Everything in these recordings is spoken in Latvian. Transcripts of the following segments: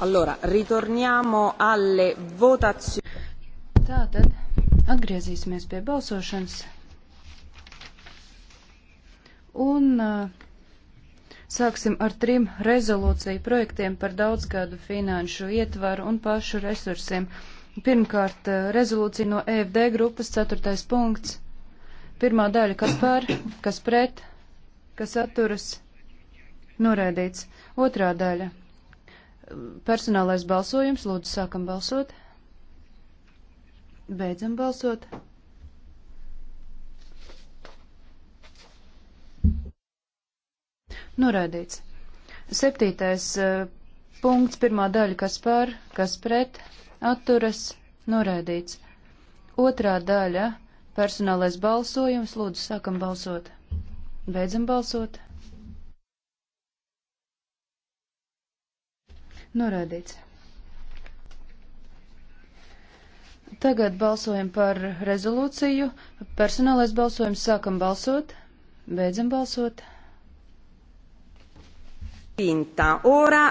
Allora, ritorniamo alle votazioni. Tātad atgriezīsimies pie balsošanas. Un uh, sāksim ar trim rezolūciju projektiem par daudzgadu finanšu ietvaru un pašu resursiem. Pirmkārt, uh, rezolūcija no EFD grupas, ceturtais punkts. Pirmā daļa, kas par, kas pret, kas atturas, noraidīts. Otrā daļa, Personālais balsojums, lūdzu, sākam balsot. Beidzam balsot. Noraidīts. Septītais eh, punkts, pirmā daļa, kas par, kas pret, atturas, noraidīts. Otrā daļa, personālais balsojums, lūdzu, sākam balsot. Beidzam balsot. Norādīts. Tagad balsojam par rezolūciju. Personālais balsojums sākam balsot, beidzam balsot. Pinta ora.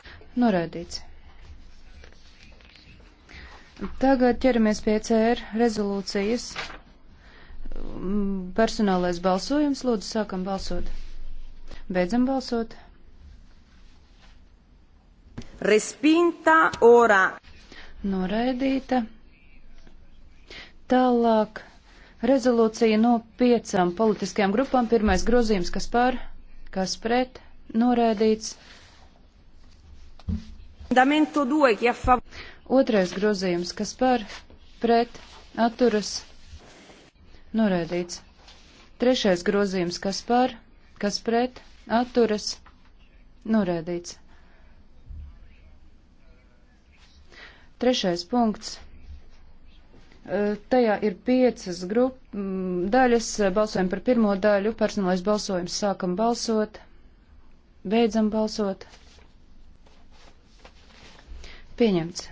Norādīts. Tagad ķeramies pie CR rezolūcijas. Personālais balsojums, lūdzu, sākam balsot. Beidzam balsot respinta ora. Noraidīta. Tālāk rezolūcija no piecām politiskajām grupām. Pirmais grozījums, kas par, kas pret, noraidīts. Otrais grozījums, kas par, pret, atturas, noraidīts. Trešais grozījums, kas par, kas pret, atturas, noraidīts. Trešais punkts. Tajā ir piecas grup, daļas. Balsojam par pirmo daļu. Personālais balsojums. Sākam balsot. Beidzam balsot. Pieņemts.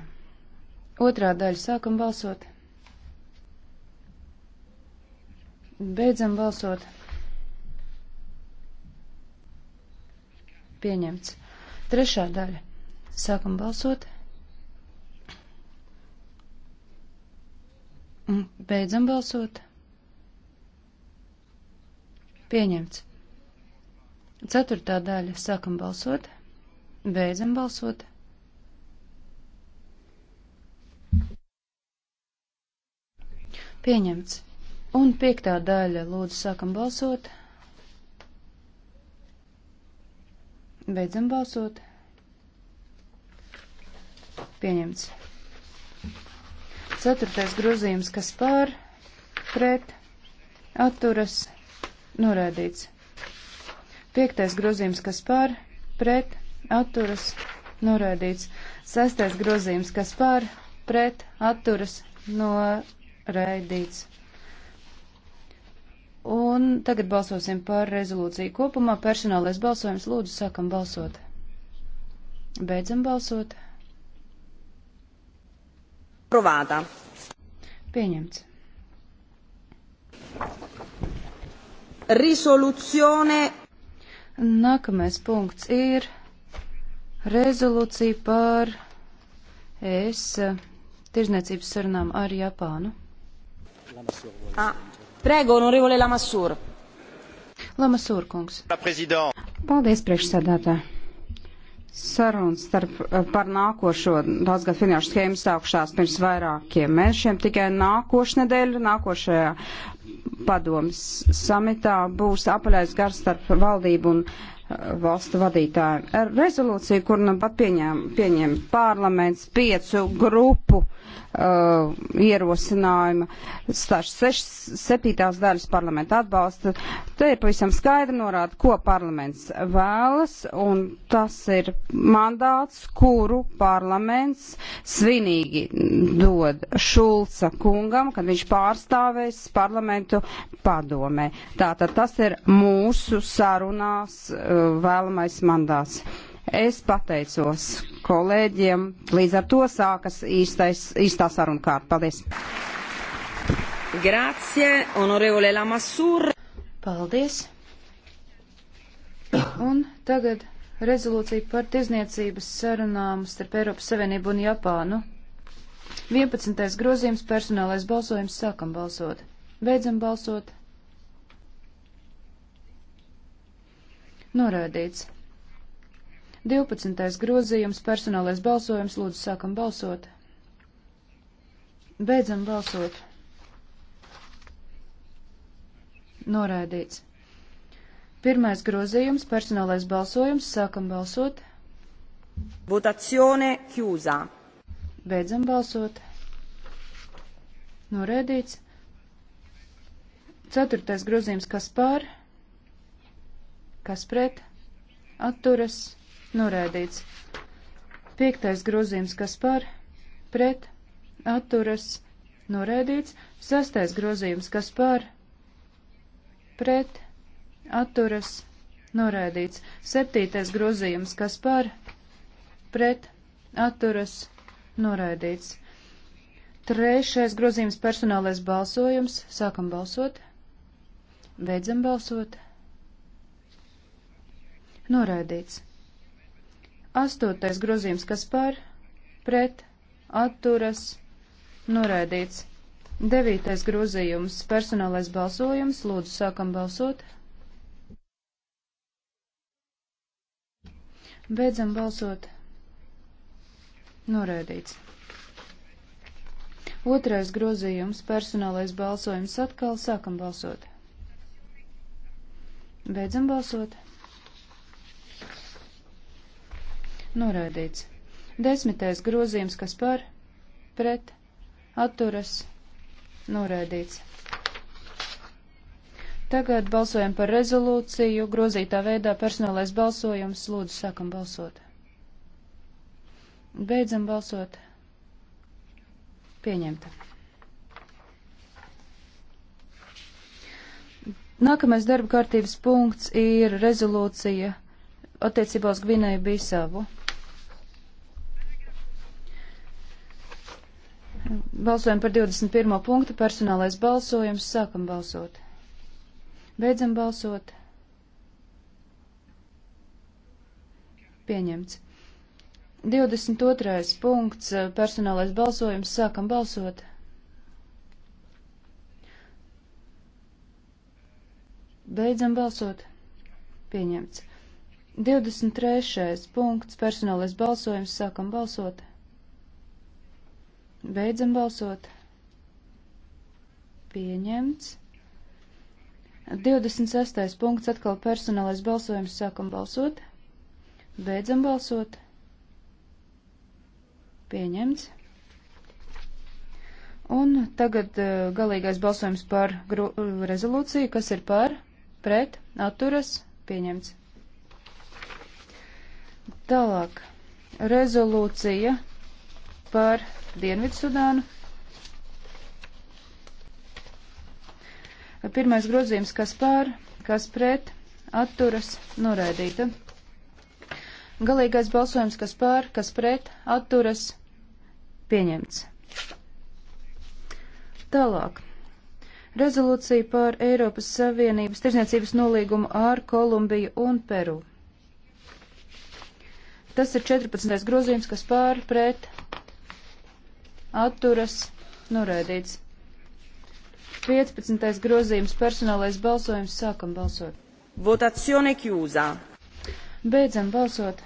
Otrā daļa. Sākam balsot. Beidzam balsot. Pieņemts. Trešā daļa. Sākam balsot. Beidzam balsot. Pieņemts. Ceturtā daļa. Sākam balsot. Beidzam balsot. Pieņemts. Un piektā daļa. Lūdzu, sākam balsot. Beidzam balsot. Pieņemts. Ceturtais grozījums, kas pār, pret, atturas, norādīts. Piektais grozījums, kas pār, pret, atturas, norādīts. Sestais grozījums, kas pār, pret, atturas, norādīts. Un tagad balsosim par rezolūciju kopumā. Personālais balsojums lūdzu sākam balsot. Beidzam balsot. Approvātā. Pieņemts. Risolūcione. Nākamais punkts ir rezolūcija par es tirzniecības sarunām ar Japānu. Ah, prego, onorevole Lamassur. Lamassur kungs. Paldies, priekšsēdētāji. Sarunas starp, eh, par nākošo daudzgad finanšu schēmu sākšās pirms vairākiem mēnešiem. Tikai nākošu nedēļu, nākošajā padomas samitā būs apaļais gars starp valdību un eh, valstu vadītājiem. Rezolūcija, kur nu pat pieņem, pieņem parlaments piecu grupu uh, uh, ierosinājuma, starš 7. daļas parlamenta atbalsta. Te ir pavisam skaidri norāda, ko parlaments vēlas, un tas ir mandāts, kuru parlaments svinīgi dod Šulca kungam, kad viņš pārstāvēs parlamentu padomē. Tātad tas ir mūsu sarunās uh, vēlamais mandāts. Es pateicos kolēģiem. Līdz ar to sākas īstais, īstā saruna kārta. Paldies! Grazie, onorevole Lamassur. Paldies! Un tagad rezolūcija par tirzniecības sarunām starp Eiropas Savienību un Japānu. 11. grozījums personālais balsojums sākam balsot. Beidzam balsot. Norādīts. 12. grozījums, personālais balsojums, lūdzu sākam balsot. Beidzam balsot. Noraidīts. Pirmais grozījums, personālais balsojums, sākam balsot. Votazione chiusa. Beidzam balsot. Noraidīts. Ceturtais grozījums, kas pār, kas pret, atturas Noraidīts. Piektais grozījums, kas par, pret, atturas, noraidīts. Sestais grozījums, kas par, pret, atturas, noraidīts. Septītais grozījums, kas par, pret, atturas, noraidīts. Trešais grozījums personālais balsojums. Sākam balsot. Beidzam balsot. Noraidīts. Astotais grozījums, kas par, pret, atturas, noraidīts. Devītais grozījums, personālais balsojums, lūdzu sākam balsot. Beidzam balsot. Noraidīts. Otrais grozījums, personālais balsojums atkal, sākam balsot. Beidzam balsot. Noraidīts. Desmitais grozījums, kas par, pret, atturas, noraidīts. Tagad balsojam par rezolūciju, grozītā veidā personālais balsojums, lūdzu sākam balsot. Beidzam balsot. Pieņemta. Nākamais darba kārtības punkts ir rezolūcija attiecībā uz Gvinēju Bisavu. Balsojam par 21. punktu. Personālais balsojums. Sākam balsot. Beidzam balsot. Pieņemts. 22. punkts. Personālais balsojums. Sākam balsot. Beidzam balsot. Pieņemts. 23. punkts. Personālais balsojums. Sākam balsot. Beidzam balsot. Pieņemts. 26. punkts atkal personālais balsojums. Sākam balsot. Beidzam balsot. Pieņemts. Un tagad eh, galīgais balsojums par eh, rezolūciju, kas ir par, pret, atturas, pieņemts. Tālāk. Rezolūcija par Dienvidsudānu. Pirmais grozījums, kas pār, kas pret, atturas, noraidīta. Galīgais balsojums, kas pār, kas pret, atturas, pieņemts. Tālāk. Rezolūcija par Eiropas Savienības tirzniecības nolīgumu ar Kolumbiju un Peru. Tas ir 14. grozījums, kas pār pret atturas noraidīts. 15. grozījums personālais balsojums sākam balsot. Votazione chiusa. Beidzam balsot.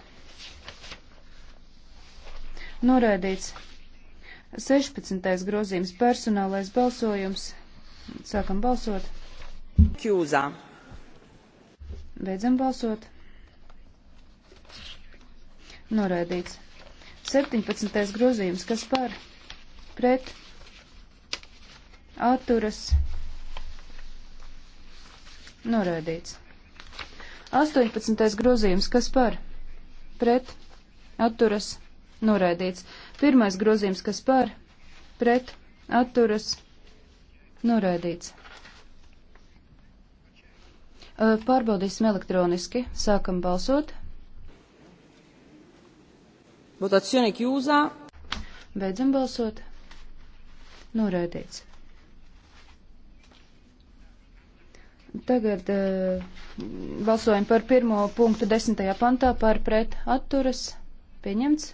Noraidīts. 16. grozījums personālais balsojums. Sākam balsot. Kjūzā. Beidzam balsot. Noraidīts. 17. grozījums. Kas par? pret atturas noraidīts. 18. grozījums, kas par pret atturas noraidīts. Pirmais grozījums, kas par pret atturas noraidīts. Pārbaudīsim elektroniski. Sākam balsot. Votazione chiusa. Beidzam balsot. Noraidīts. Tagad uh, balsojam par pirmo punktu desmitajā pantā par pret atturas pieņemts.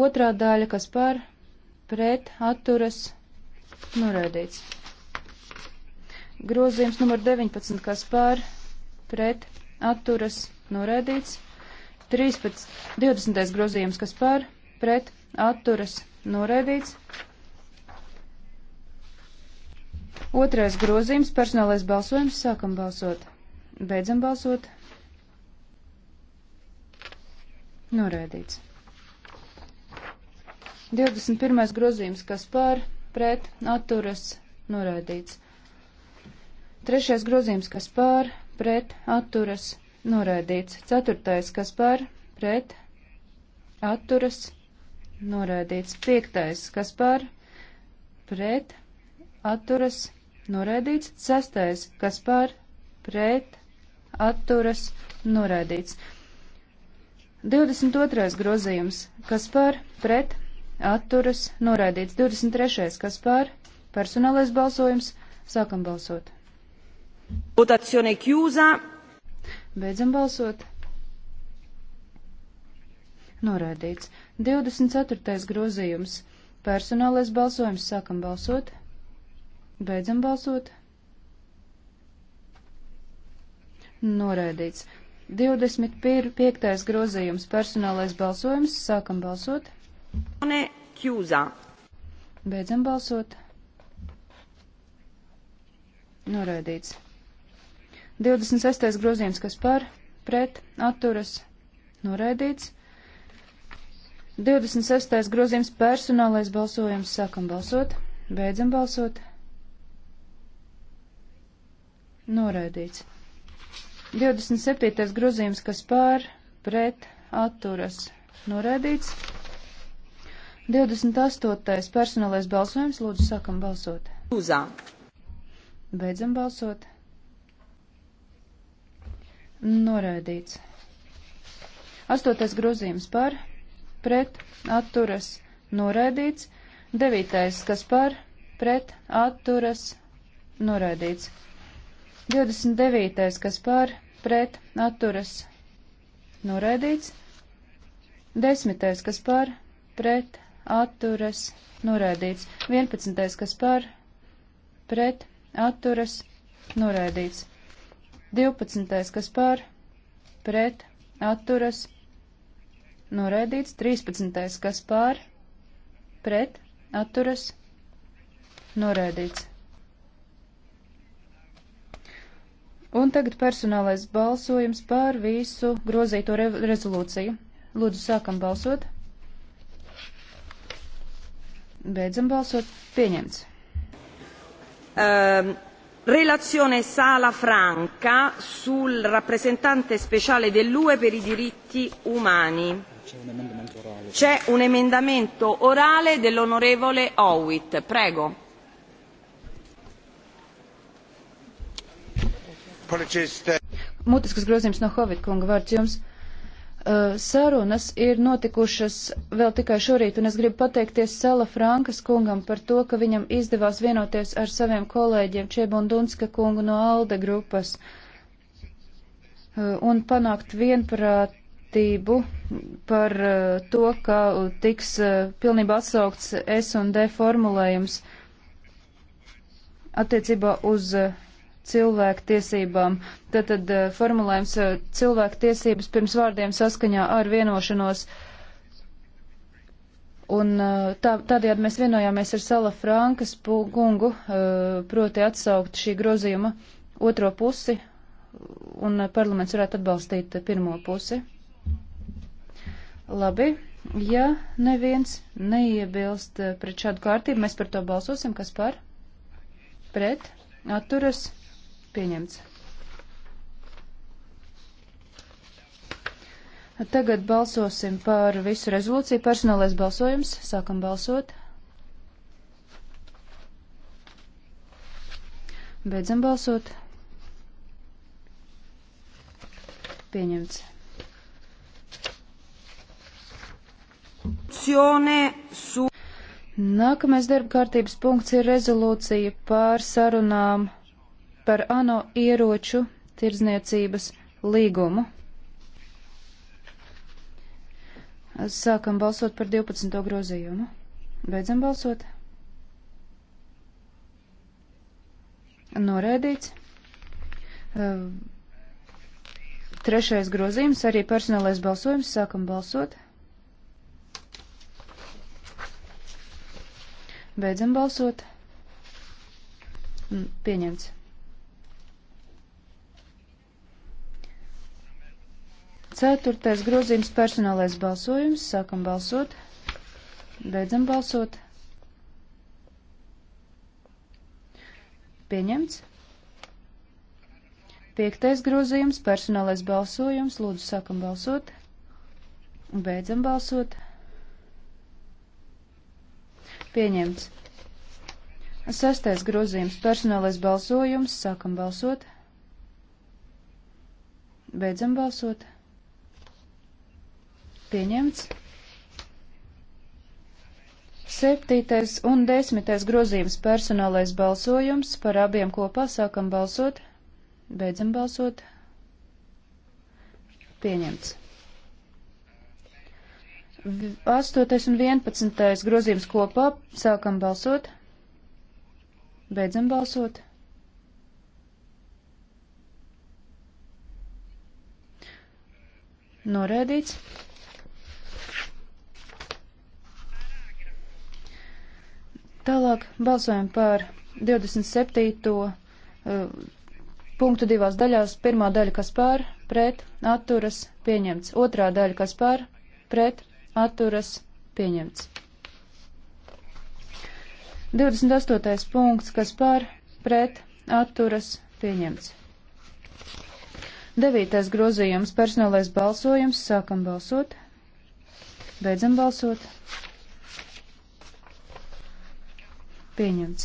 Otrā daļa, kas par pret atturas noraidīts. Grozījums numur 19, kas par pret atturas noraidīts. 13, 20. grozījums, kas par pret atturas noraidīts. Otrais grozījums, personālais balsojums, sākam balsot. Beidzam balsot. Norēdīts. 21. grozījums, kas pār, pret, atturas, norēdīts. Trešais grozījums, kas pār, pret, atturas, norēdīts. Ceturtais, kas pār, pret, atturas, norēdīts. Piektais, kas pār, pret, atturas, norēdīts noraidīts, sestais, kas par, pret, atturas, noraidīts. 22. grozījums, kas par, pret, atturas, noraidīts. 23. kas par, personālais balsojums, sākam balsot. Votazione chiusa. Beidzam balsot. Noraidīts. 24. grozījums. Personālais balsojums sākam balsot. Beidzam balsot. Noraidīts. 25. grozījums personālais balsojums. Sākam balsot. Beidzam balsot. Noraidīts. 26. grozījums, kas par, pret, atturas, noraidīts. 26. grozījums personālais balsojums. Sākam balsot. Beidzam balsot. Noraidīts. 27. grozījums, kas pār, pret, atturas. Noraidīts. 28. personālais balsojums. Lūdzu, sākam balsot. Uzā. Beidzam balsot. Noraidīts. 8. grozījums par, pret, atturas. Noraidīts. 9. kas par, pret, atturas. Noraidīts. 29. kas par pret atturas noraidīts. 10. kas par pret atturas noraidīts. 11. kas par pret atturas noraidīts. 12. kas par pret atturas noraidīts. 13. kas par pret atturas noraidīts. Un tagad personālais balsojums par visu grozīto re rezolūciju. Lūdzu, sākam balsot. Beidzam balsot. Pieņemts. Um. Relazione Sala Franca sul rappresentante speciale dell'UE per i diritti umani. C'è un emendamento orale, orale dell'onorevole Howitt. Prego. Mutiskas grozījums no Hovita kunga vārds jums. Uh, sarunas ir notikušas vēl tikai šorīt, un es gribu pateikties Sala Frankas kungam par to, ka viņam izdevās vienoties ar saviem kolēģiem Čebundunska kungu no Alde grupas uh, un panākt vienprāt vērtību par uh, to, ka tiks uh, pilnībā atsaukts S un D formulējums attiecībā uz uh, cilvēku tiesībām. Tātad eh, formulējums eh, cilvēku tiesības pirms vārdiem saskaņā ar vienošanos. Un eh, tā, tādējādi mēs vienojāmies ar Sala Frankas kungu, proti atsaukt šī grozījuma otro pusi, un parlaments varētu atbalstīt pirmo pusi. Labi, ja neviens neiebilst pret šādu kārtību, mēs par to balsosim, kas par? Pret, atturas Pieņemts. Tagad balsosim par visu rezolūciju. Personālais balsojums. Sākam balsot. Beidzam balsot. Pieņemts. Nākamais darba kārtības punkts ir rezolūcija pār sarunām par ANO ieroču tirdzniecības līgumu. Sākam balsot par 12. grozījumu. Beidzam balsot. Noraidīts. Trešais grozījums, arī personālais balsojums. Sākam balsot. Beidzam balsot. Pieņemts. Ceturtais grozījums personālais balsojums. Sākam balsot. Beidzam balsot. Pieņemts. Piektais grozījums personālais balsojums. Lūdzu, sākam balsot. Beidzam balsot. Pieņemts. Sestais grozījums - personālais balsojums. Sākam balsot. Beidzam balsot. Pieņemts. Septītais un desmitais grozījums personālais balsojums par abiem kopā sākam balsot, beidzam balsot. Pieņemts. Astotais un vienpadsmitais grozījums kopā sākam balsot, beidzam balsot. Norēdīts. Tālāk balsojam par 27. Eh, punktu divās daļās. Pirmā daļa, kas pār, pret, atturas, pieņemts. Otrā daļa, kas pār, pret, atturas, pieņemts. 28. punkts, kas pār, pret, atturas, pieņemts. 9. grozījums, personālais balsojums, sākam balsot, beidzam balsot. Pieņemts.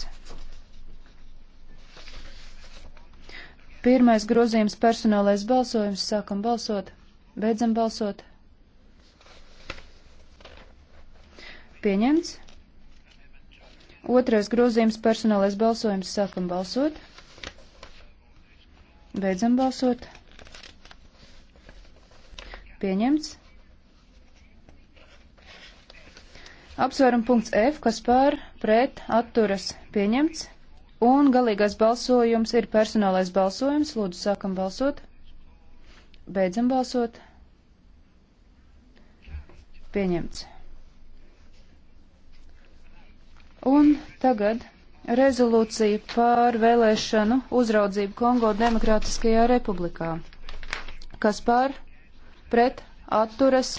Pirmais grozījums personālais balsojums. Sākam balsot. Beidzam balsot. Pieņemts. Otrais grozījums personālais balsojums. Sākam balsot. Beidzam balsot. Pieņemts. Apsvērum punkts F, kas pār pret atturas pieņemts. Un galīgais balsojums ir personālais balsojums. Lūdzu, sākam balsot. Beidzam balsot. Pieņemts. Un tagad rezolūcija pār vēlēšanu uzraudzību Kongo Demokrātiskajā republikā. Kas pār pret atturas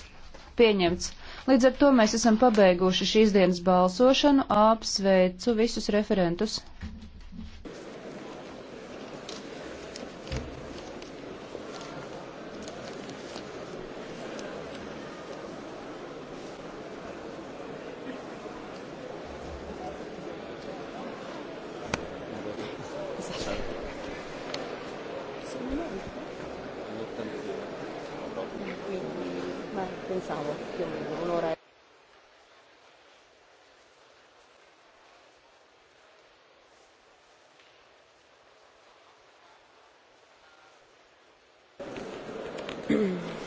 pieņemts. Līdz ar to mēs esam pabeiguši šīs dienas balsošanu. Apsveicu visus referentus. pensavo, più o meno, un'ora. Mm.